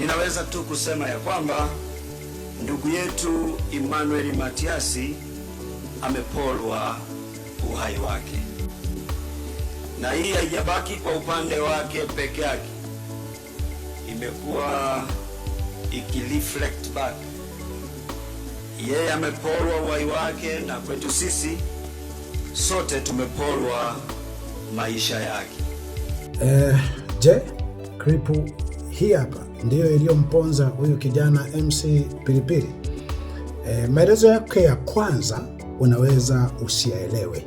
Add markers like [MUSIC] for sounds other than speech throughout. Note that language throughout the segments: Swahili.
Ninaweza tu kusema ya kwamba ndugu yetu Emmanuel Matiasi amepolwa uhai wake, na hii haijabaki kwa upande wake peke yake, imekuwa ikireflect back. Yeye amepolwa uhai wake, na kwetu sisi sote tumepolwa maisha yake. Eh, je, kripu hii hapa ndiyo iliyomponza huyu kijana MC Pilipili. E, maelezo yake ya kwanza unaweza usiyaelewe,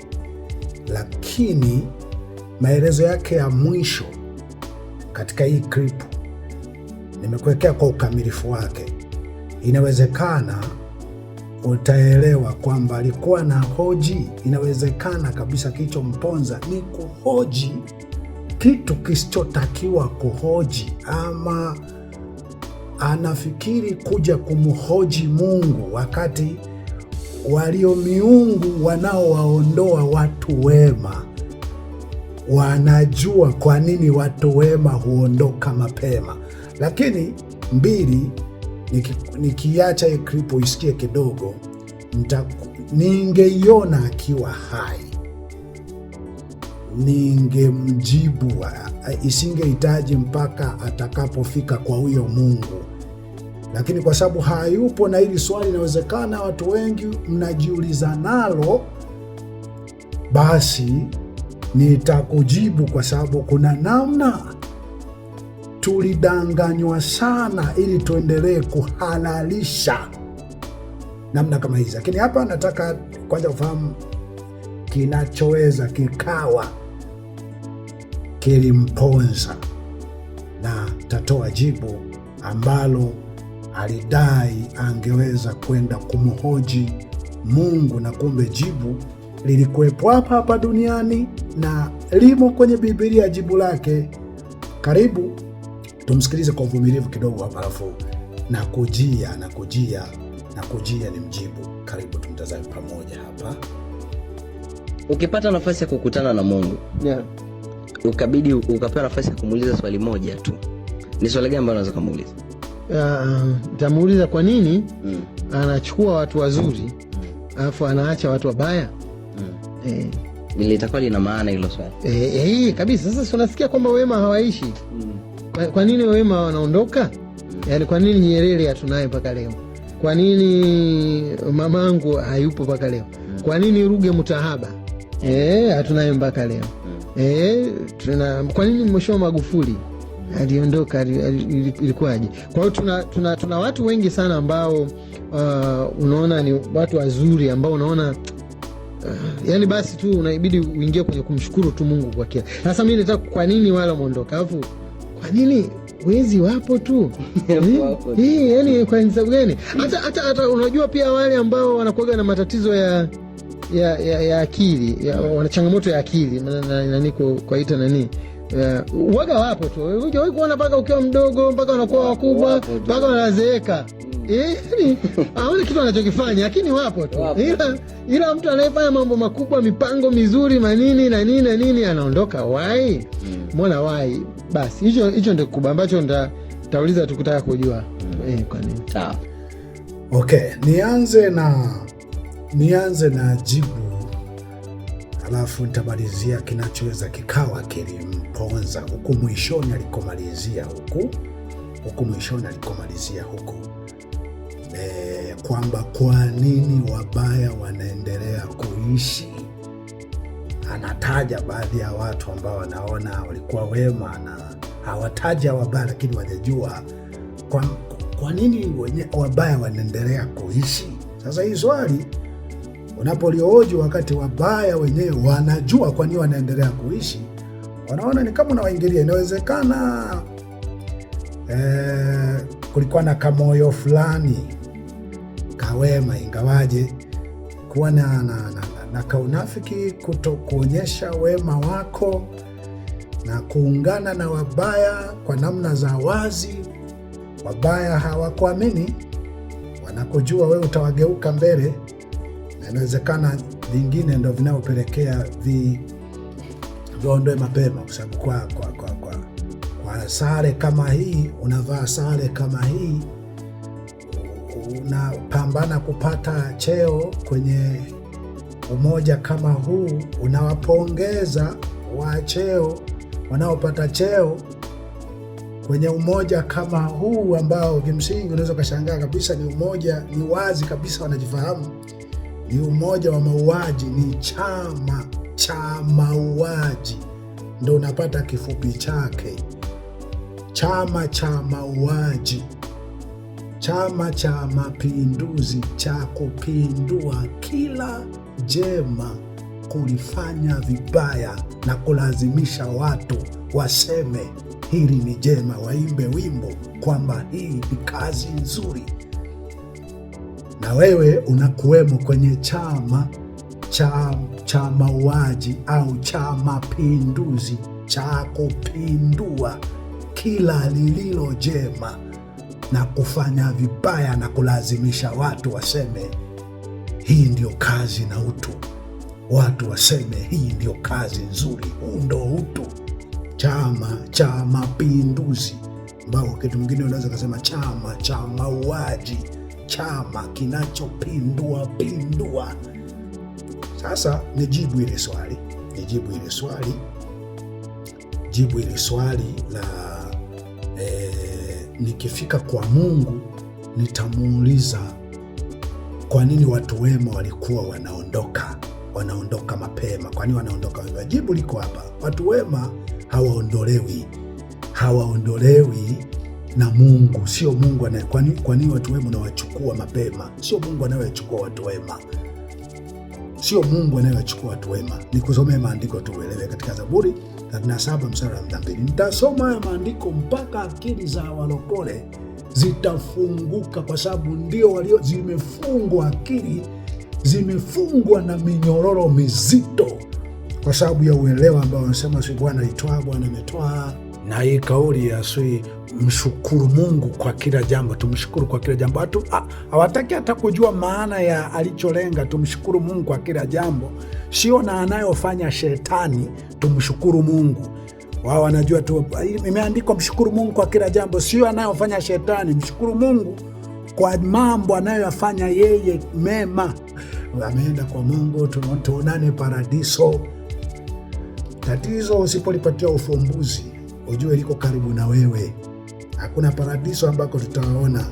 lakini maelezo yake ya mwisho katika hii clip nimekuwekea kwa ukamilifu wake. Inawezekana utaelewa kwamba alikuwa na hoji. Inawezekana kabisa kilichomponza ni kuhoji kitu kisichotakiwa kuhoji ama anafikiri kuja kumhoji Mungu wakati walio miungu wanaowaondoa watu wema wanajua kwa nini watu wema huondoka mapema. Lakini mbili, nikiacha niki kripo isikie kidogo, ningeiona akiwa hai ningemjibu, isingehitaji mpaka atakapofika kwa huyo Mungu. Lakini kwa sababu hayupo, na hili swali inawezekana watu wengi mnajiuliza nalo, basi nitakujibu, kwa sababu kuna namna tulidanganywa sana ili tuendelee kuhalalisha namna kama hizi. Lakini hapa nataka kwanza kufahamu kinachoweza kikawa kilimponza na tatoa jibu ambalo alidai angeweza kwenda kumhoji Mungu, na kumbe jibu lilikuwepo hapa hapa duniani na limo kwenye Biblia jibu lake. Karibu tumsikilize kwa uvumilivu kidogo hapa, alafu na kujia na kujia na kujia ni mjibu. Karibu tumtazame pamoja hapa. Ukipata nafasi ya kukutana na Mungu yeah ukabidi ukapewa nafasi ya kumuuliza swali moja tu, ni swali gani ambalo unaweza kumuuliza? Ah, nitamuuliza uh, kwa nini mm. anachukua watu wazuri mm. alafu anaacha watu wabaya mm. eh. Litakuwa lina maana hilo swali eh, eh, eh kabisa. Sasa unasikia kwamba wema hawaishi mm. kwa, kwa nini wema wanaondoka? Mm. Yaani, kwa nini Nyerere hatunaye mpaka leo? Kwa nini mamangu hayupo mpaka leo? Mm. Kwa nini Ruge Mutahaba eh, hatunaye mpaka leo? e, tuna kwa nini Mheshimiwa Magufuli aliondoka ilikuwaje? Kwa hiyo tuna, tuna, tuna watu wengi sana ambao uh, unaona ni watu wazuri ambao unaona uh, yani basi tu unaibidi uingie kwenye kumshukuru tu Mungu kwa kila. Sasa mimi nataka kwa nini wale wameondoka, alafu kwa nini wezi wapo tu [LAUGHS] eh, eh, yani kwa sababu gani? Hata unajua pia wale ambao wanakuaga na matatizo ya ya, ya, ya akili ya, wana changamoto ya akili nani kwaita nani uh, waga wapo tu. Hujawahi kuona mpaka ukiwa mdogo mpaka wanakuwa wakubwa mpaka wanazeeka mm. eh, yaani aone [LAUGHS] kitu anachokifanya lakini wapo tu, ila ila mtu anayefanya mambo makubwa, mipango mizuri, manini na nini na nini, anaondoka wai mwana mm. wai. Basi hicho hicho ndio kikubwa ambacho tauliza tukutaka kujua mm. eh, kwa nini. Sawa, okay, nianze na nianze na jibu alafu nitamalizia kinachoweza kikawa kilimponza huku mwishoni alikomalizia huku huku mwishoni alikomalizia huku e, kwamba kwa nini wabaya wanaendelea kuishi. Anataja baadhi ya watu ambao wanaona walikuwa wema na hawataja wabaya, lakini wajajua kwa, kwa nini wabaya wanaendelea kuishi. Sasa hii swali unapolioji wakati wabaya wenyewe wanajua kwa nini wanaendelea kuishi, wanaona ni kama unawaingilia. Inawezekana e, kulikuwa na kamoyo fulani kawema, ingawaje kuwa na, na, na, na, na kaunafiki, kuto kuonyesha wema wako na kuungana na wabaya kwa namna za wazi. Wabaya hawakuamini, wanakujua wewe utawageuka mbele inawezekana vingine ndo vinavyopelekea vi viondoe mapema, kwa sababu kwa, kwa, kwa, kwa, kwa sare kama hii, unavaa sare kama hii, unapambana kupata cheo kwenye umoja kama huu, unawapongeza wa cheo wanaopata cheo kwenye umoja kama huu ambao kimsingi unaweza ukashangaa kabisa, ni umoja, ni wazi kabisa wanajifahamu ni umoja wa mauaji, ni chama cha mauaji, ndo unapata kifupi chake, chama cha mauaji, chama cha mapinduzi, cha kupindua kila jema, kulifanya vibaya na kulazimisha watu waseme hili ni jema, waimbe wimbo kwamba hii ni kazi nzuri na wewe unakuwemo kwenye chama cha, cha mauaji au cha mapinduzi cha kupindua kila lililo jema na kufanya vibaya na kulazimisha watu waseme hii ndio kazi na utu, watu waseme hii ndio kazi nzuri, huu ndo utu. Chama cha mapinduzi ambao wakati mwingine unaweza kusema chama cha mauaji chama kinachopindua pindua. Sasa nijibu ile swali, nijibu ile swali, jibu ile swali la e, eh, nikifika kwa Mungu nitamuuliza kwa nini watu wema walikuwa wanaondoka wanaondoka mapema? Kwa nini wanaondoka mapema? Jibu liko hapa. Watu wema hawaondolewi, hawaondolewi na Mungu sio Mungu anaye. Kwa nini watu wema unawachukua mapema? Sio Mungu anayewachukua watu wema, sio Mungu anayewachukua watu wema. Nikusomee maandiko tuelewe, katika Zaburi 37 mstari wa 2. Nitasoma haya maandiko mpaka akili za walokole zitafunguka, kwa sababu ndio walio zimefungwa, akili zimefungwa na minyororo mizito, kwa sababu ya uelewa ambao wanasema si Bwana itwaa Bwana ametoa na hii kauli ya sui mshukuru Mungu kwa kila jambo, tumshukuru kwa kila jambo. Watu ah, hawataki hata kujua maana ya alicholenga, tumshukuru Mungu kwa kila jambo, sio na anayofanya shetani, tumshukuru Mungu. Wao wanajua tu imeandikwa mshukuru Mungu kwa kila jambo, sio anayofanya shetani. Mshukuru Mungu kwa mambo anayoyafanya yeye mema. Ameenda kwa Mungu, tuonane paradiso. Tatizo usipolipatia ufumbuzi ujue liko karibu na wewe. Hakuna paradiso ambako tutawaona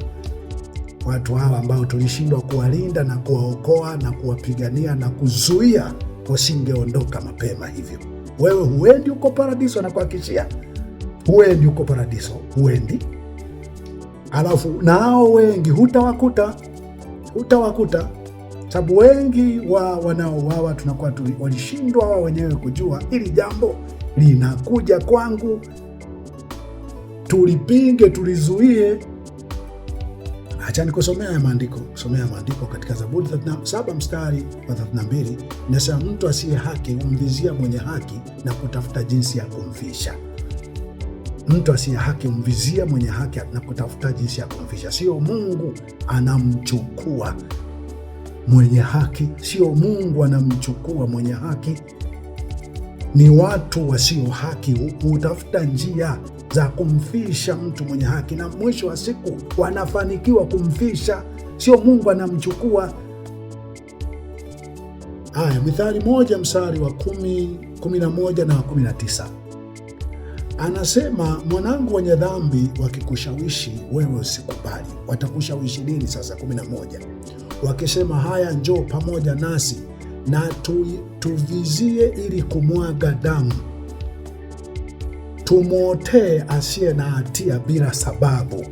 watu hawa ambao tulishindwa kuwalinda na kuwaokoa na kuwapigania na kuzuia wasingeondoka mapema hivyo. Wewe huendi huko paradiso, nakuhakikishia, huendi huko paradiso, huendi. Alafu na hao wengi hutawakuta, hutawakuta sababu wengi wa wanaouawa tunakuwa walishindwa wao wenyewe kujua hili jambo linakuja kwangu, tulipinge, tulizuie. Acha nikusomea ya maandiko, kusomea maandiko katika Zaburi 37 mstari wa 32, nasema mtu asiye haki humvizia mwenye haki na kutafuta jinsi ya kumfisha. Mtu asiye haki humvizia mwenye haki na kutafuta jinsi ya kumfisha. Sio Mungu anamchukua mwenye haki, sio Mungu anamchukua mwenye haki ni watu wasio haki hutafuta njia za kumfisha mtu mwenye haki, na mwisho wa siku wanafanikiwa kumfisha, sio Mungu anamchukua. Haya, Mithali moja mstari wa kumi, kumi na moja na kumi na tisa anasema mwanangu, wenye dhambi wakikushawishi wewe usikubali. Watakushawishi nini sasa? kumi na moja wakisema haya, njoo pamoja nasi na tuvizie ili kumwaga damu, tumwotee asiye na hatia bila sababu.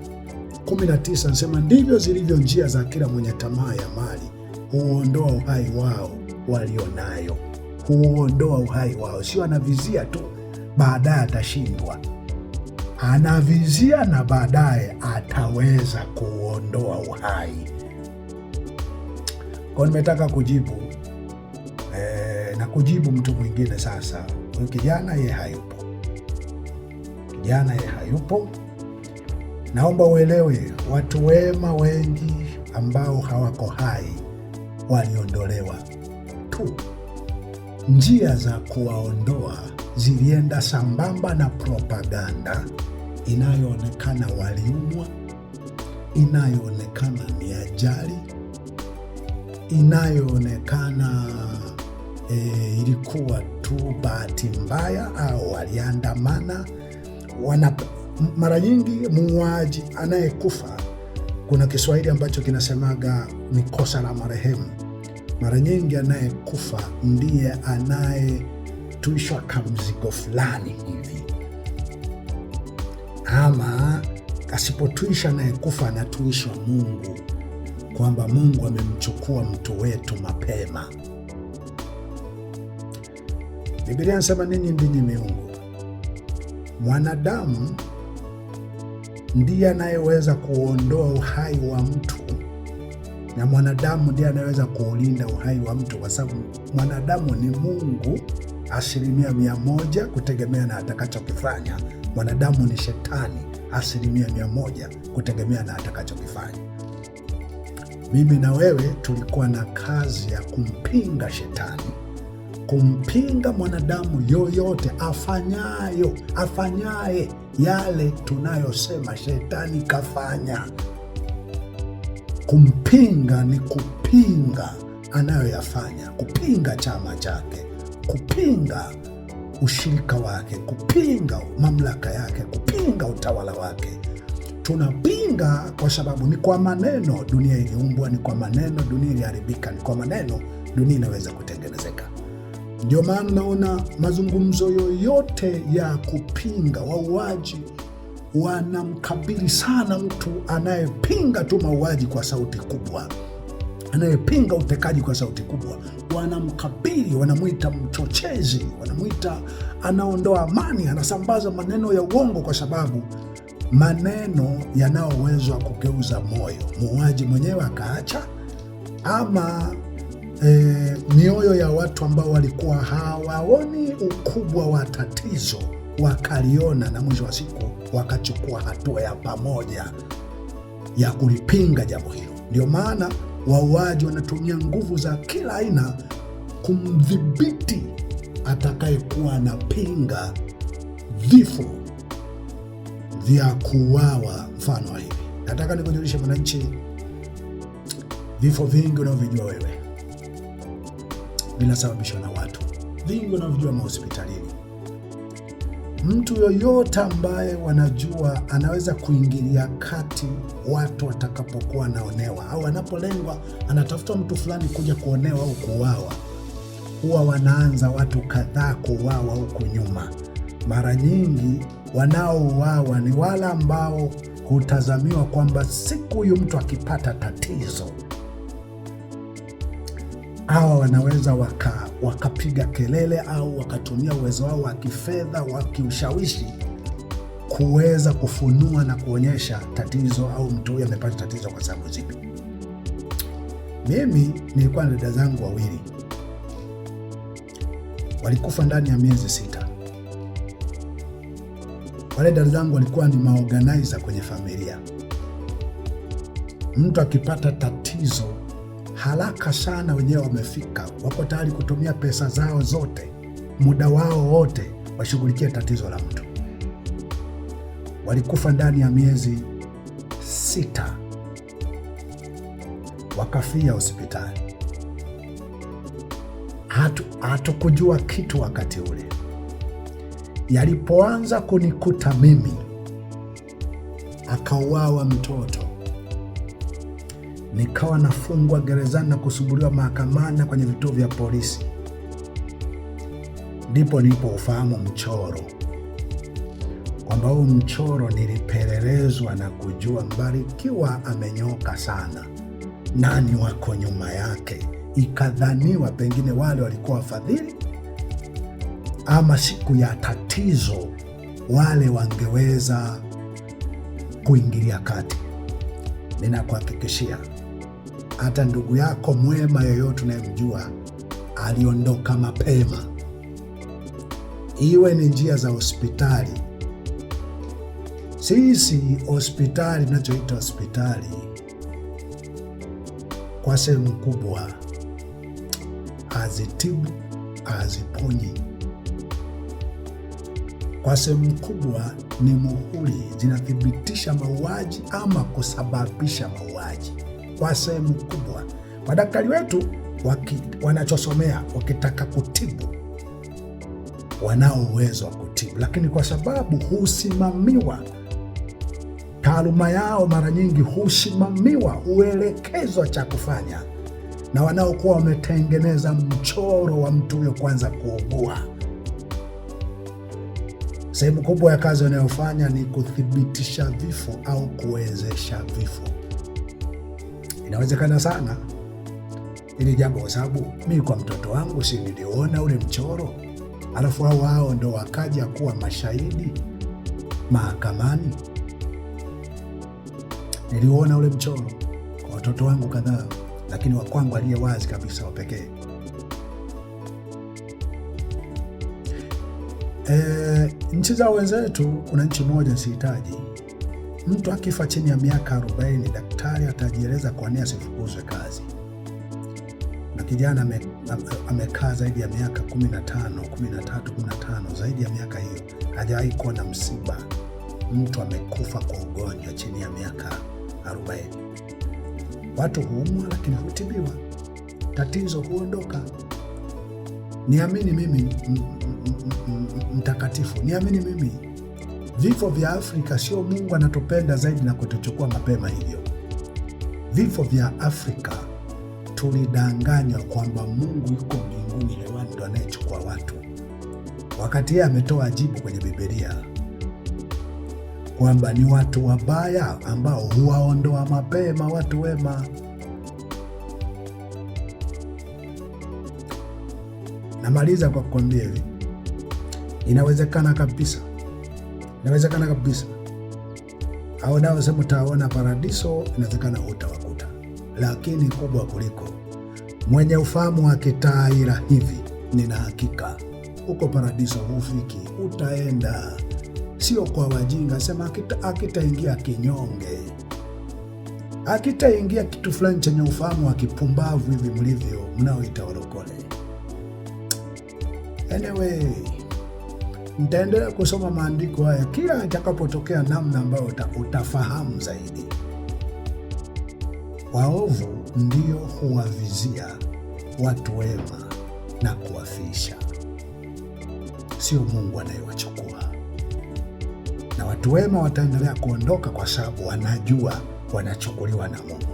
19 nasema ndivyo zilivyo njia za kila mwenye tamaa ya mali, huondoa uhai wao walio nayo, huondoa uhai wao. Sio anavizia tu, baadaye atashindwa, anavizia na baadaye ataweza kuondoa uhai. Kwa nimetaka kujibu kujibu mtu mwingine. Sasa huyu kijana ye hayupo, kijana yeye hayupo. Naomba uelewe, watu wema wengi ambao hawako hai waliondolewa tu. Njia za kuwaondoa zilienda sambamba na propaganda inayoonekana waliumwa, inayoonekana ni ajali, inayoonekana e, ilikuwa tu bahati mbaya au waliandamana. Mara nyingi muuaji anayekufa, kuna Kiswahili ambacho kinasemaga ni kosa la marehemu. Mara nyingi anayekufa ndiye anayetuishwa kamzigo fulani hivi, ama asipotuisha anayekufa, anatuishwa Mungu kwamba Mungu amemchukua mtu wetu mapema. Biblia inasema ninyi ndinyi miungu. Mwanadamu ndiye anayeweza kuondoa uhai wa mtu na mwanadamu ndiye anayeweza kuulinda uhai wa mtu, kwa sababu mwanadamu ni Mungu asilimia mia moja kutegemea na atakachokifanya. Mwanadamu ni shetani asilimia mia moja kutegemea na atakachokifanya. Mimi na wewe tulikuwa na kazi ya kumpinga shetani kumpinga mwanadamu yoyote afanyayo afanyaye yale tunayosema shetani kafanya. Kumpinga ni kupinga anayoyafanya, kupinga chama chake, kupinga ushirika wake, kupinga mamlaka yake, kupinga utawala wake. Tunapinga kwa sababu ni kwa maneno dunia iliumbwa, ni kwa maneno dunia iliharibika, ni kwa maneno dunia inaweza kutengenezeka. Ndio maana naona mazungumzo yoyote ya kupinga wauaji wanamkabili sana mtu anayepinga tu mauaji kwa sauti kubwa, anayepinga utekaji kwa sauti kubwa. Wanamkabili, wanamwita mchochezi, wanamwita anaondoa amani, anasambaza maneno ya uongo, kwa sababu maneno yanayoweza kugeuza moyo muuaji mwenyewe akaacha ama e, mioyo ya watu ambao walikuwa hawaoni ukubwa wa tatizo wakaliona, na mwisho wa siku wakachukua hatua ya pamoja ya kulipinga jambo hilo. Ndio maana wauaji wanatumia nguvu za kila aina kumdhibiti atakayekuwa anapinga vifo vya kuuawa. Mfano wa hivi, nataka nikujulishe mwananchi, vifo vingi unavyojua wewe vinasababishwa na watu vingi wanavyojua mahospitalini. Mtu yoyote ambaye wanajua anaweza kuingilia kati watu watakapokuwa wanaonewa au wanapolengwa, anatafuta mtu fulani kuja kuonewa au kuuawa, huwa wanaanza watu kadhaa kuuawa huku nyuma. Mara nyingi wanaouawa ni wale ambao hutazamiwa kwamba siku huyu mtu akipata tatizo hawa wanaweza waka, wakapiga kelele au wakatumia uwezo wao wa kifedha wa kiushawishi kuweza kufunua na kuonyesha tatizo au mtu huyu amepata tatizo kwa sababu zipi. Mimi nilikuwa na dada zangu wawili walikufa ndani ya miezi sita. Wale dada zangu walikuwa ni maorganizer kwenye familia. Mtu akipata tatizo haraka sana, wenyewe wamefika, wako tayari kutumia pesa zao zote, muda wao wote, washughulikie tatizo la mtu. Walikufa ndani ya miezi sita, wakafia hospitali. Hatukujua kitu wakati ule. Yalipoanza kunikuta mimi, akauawa mtoto nikawa nafungwa gerezani na kusubuliwa mahakamani kwenye vituo vya polisi. Ndipo ufahamu mchoro, kwamba huu mchoro nilipelelezwa na kujua Mbarikiwa amenyoka sana, nani wako nyuma yake. Ikadhaniwa pengine wale walikuwa wafadhili, ama siku ya tatizo wale wangeweza kuingilia kati. Ninakuhakikishia hata ndugu yako mwema yoyote unayemjua aliondoka mapema, iwe ni njia za hospitali. Sisi hospitali, nachoita hospitali kwa sehemu kubwa hazitibu, haziponyi. Kwa sehemu kubwa ni muhuri, zinathibitisha mauaji ama kusababisha mauaji kwa sehemu kubwa. Madaktari wetu waki, wanachosomea wakitaka kutibu wanao uwezo wa kutibu, lakini kwa sababu husimamiwa taaluma yao mara nyingi husimamiwa, huelekezwa cha kufanya na wanaokuwa wametengeneza mchoro wa mtu huyo kwanza kuugua. Sehemu kubwa ya kazi wanayofanya ni kuthibitisha vifo au kuwezesha vifo. Inawezekana sana ili jambo, kwa sababu mimi kwa mtoto wangu si niliona ule mchoro, alafu hao hao ndo wakaja kuwa mashahidi mahakamani. niliona ule mchoro kwa watoto wangu kadhaa, lakini wa kwangu aliye wazi kabisa wa pekee E, nchi za wenzetu, kuna nchi moja sihitaji Mtu akifa chini ya miaka 40 daktari atajieleza kwa nini asifukuzwe kazi. Na kijana amekaa zaidi ya miaka 15, 13, 15, zaidi ya miaka hiyo hajawahi kuwa na msiba. Mtu amekufa kwa ugonjwa chini ya miaka 40. Watu huumwa lakini hutibiwa, tatizo huondoka. Niamini mimi, mtakatifu, niamini mimi Vifo vya Afrika sio Mungu anatupenda zaidi na kutuchukua mapema hivyo. Vifo vya Afrika tulidanganywa kwamba Mungu yuko mbinguni hewani ndo anayechukua watu, wakati yeye ametoa jibu kwenye Biblia kwamba ni watu wabaya ambao huwaondoa mapema watu wema. Namaliza kwa kukwambia hivi, inawezekana kabisa Inawezekana kabisa au naosema sema utaona paradiso, inawezekana utawakuta, lakini kubwa kuliko mwenye ufahamu akitaira hivi, nina hakika huko paradiso hufiki, utaenda sio kwa wajinga. Sema akitaingia akita kinyonge, akitaingia kitu fulani chenye ufahamu wa kipumbavu hivi mlivyo mnaoita walokole. Anyway, Ntaendelea kusoma maandiko haya kila itakapotokea namna ambayo uta, utafahamu zaidi. Waovu ndio huwavizia watu wema na kuwafisha, sio Mungu anayewachukua, na watu wema wataendelea kuondoka kwa sababu wanajua wanachukuliwa na Mungu.